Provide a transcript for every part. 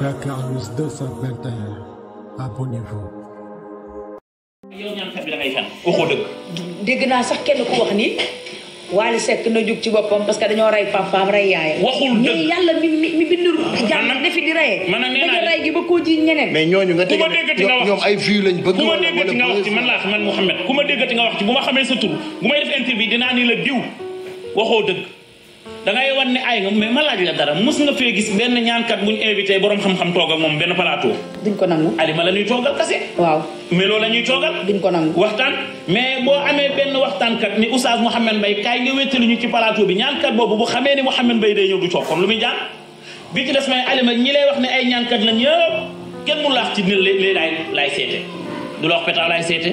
Dakar News 221 abonnez-vous. yow ñaan kat waxoo dëgg. dégg naa sax kenn ku wax ni. Wally Seck na jóg ci boppam parce que dañoo rey papaam rey yaayam. waxul dëgg mais yàlla mi mi mi bindu. Ah, jàmm defi di reyee. man nag nee naa rey gi ba koo ji ñeneen. mais ñooñu nga teg ñoom lañ bëgg. wala déggati nga wax man laa man Mouhamed ku ma déggati nga wax ci bu ma xamee sa tur bu may def interview dinaa ni la diw waxoo dëgg. da ngay wan ne ay nga mais ma laaj la dara mos nga fee gis benn ñaankat bu ñu invité borom xam-xam toog moom benn plateau. duñ ko nangu. alima la ñuy toogal waaw mais loolu la ñuy toogal. duñ ko nangu waxtaan. mais boo amee benn waxtaankat ni Oustaz Mouhamed Mbaye kaay nga wéttali ñu ci plateau bi ñaankat boobu bu xamee ni Mouhamed Mbaye day ñëw du toog kon lu muy jàng bi ci des may alima ñi lay wax ne ay ñaankat la ñëpp kenn mu laax ci ne lay laay seete du la wax pétaw laay seete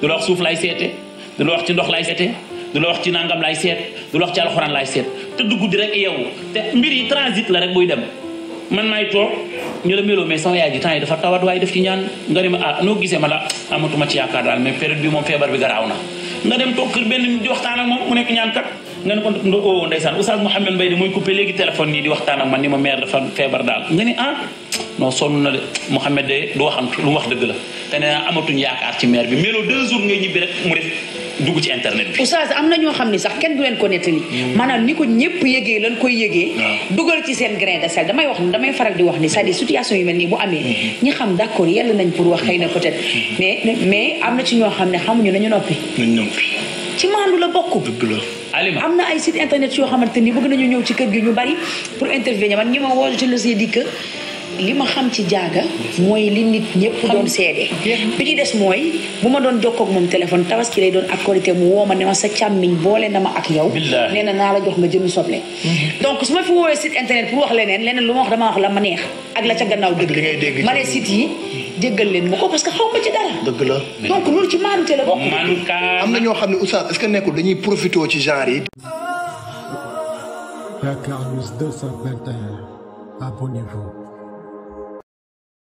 du suuf laay seete du la wax ci ndox laay seete du la wax ci nangam laay seet du wax ci alcorane lay set te dugg di rek yow te mbiri transit la rek buy dem man may tok ñu la melo mais sama yaaji tan yi dafa tawat way def ci ñaan nga dem ah no gisee ma la ma ci yaakaar dal mais période bi mom febar bi garaaw na nga dem tok kër benn di waxtaan ak mom mu nek ñaan kat nga ne ko ndo oo oh, ndaysan oustad mohammed Mbaye de mooy coupé téléphone ni di waxtaan ak man ni ma mer dafa febar dal nga ni ah no sonu na de Mouhamed de du waxam lu wax deug la tane amatu ñu amatuñ ci mer bi melo 2 jours ngay ñibi rek mu def dugg ci internet bi. oustaz am na ñoo xam ne sax kenn du leen ko nettali. Hmm. maanaam ni ko ñëpp yëgee lan koy yëgee. dugal ci seen grain de sel damay wax damay faral di wax ni c'est-à-dire situation yu mel nii bu amee. Hmm. ñi xam d'accord yàlla nañ pour wax xëy na peut-être. Hmm. mais am na ci ñoo xam ne xamuñu nañu noppi. ci maandu la bokk. am na ay site internet yoo xamante ni bëgg nañu ñëw ci kër gi ñu bari pour intervenir ñi ma woo je le sais dit li ma xam ci jaaga mooy li nit ñëpp doon seede bi ci des mooy bu ma doon jokkoog moom téléphone tabaski lay doon ak korité mu woo ma ne ma sa càmmiñ boole na ma ak yow nee na naa la jox nga jëmi soble mm-hmm. donc su ma fi woowee site internet pour wax leneen leneen lu ma wax dama wax la ma neex ak la ca gannaaw dëgg ma ne site yi mm-hmm. jéggal leen ma ko parce que xaw ma ci dara dëgg la donc loolu ci maanute la bokk am na ñoo xam ne oustaz est-ce que nekkul dañuy profité ci genre yi Dakar News 221 abonnez-vous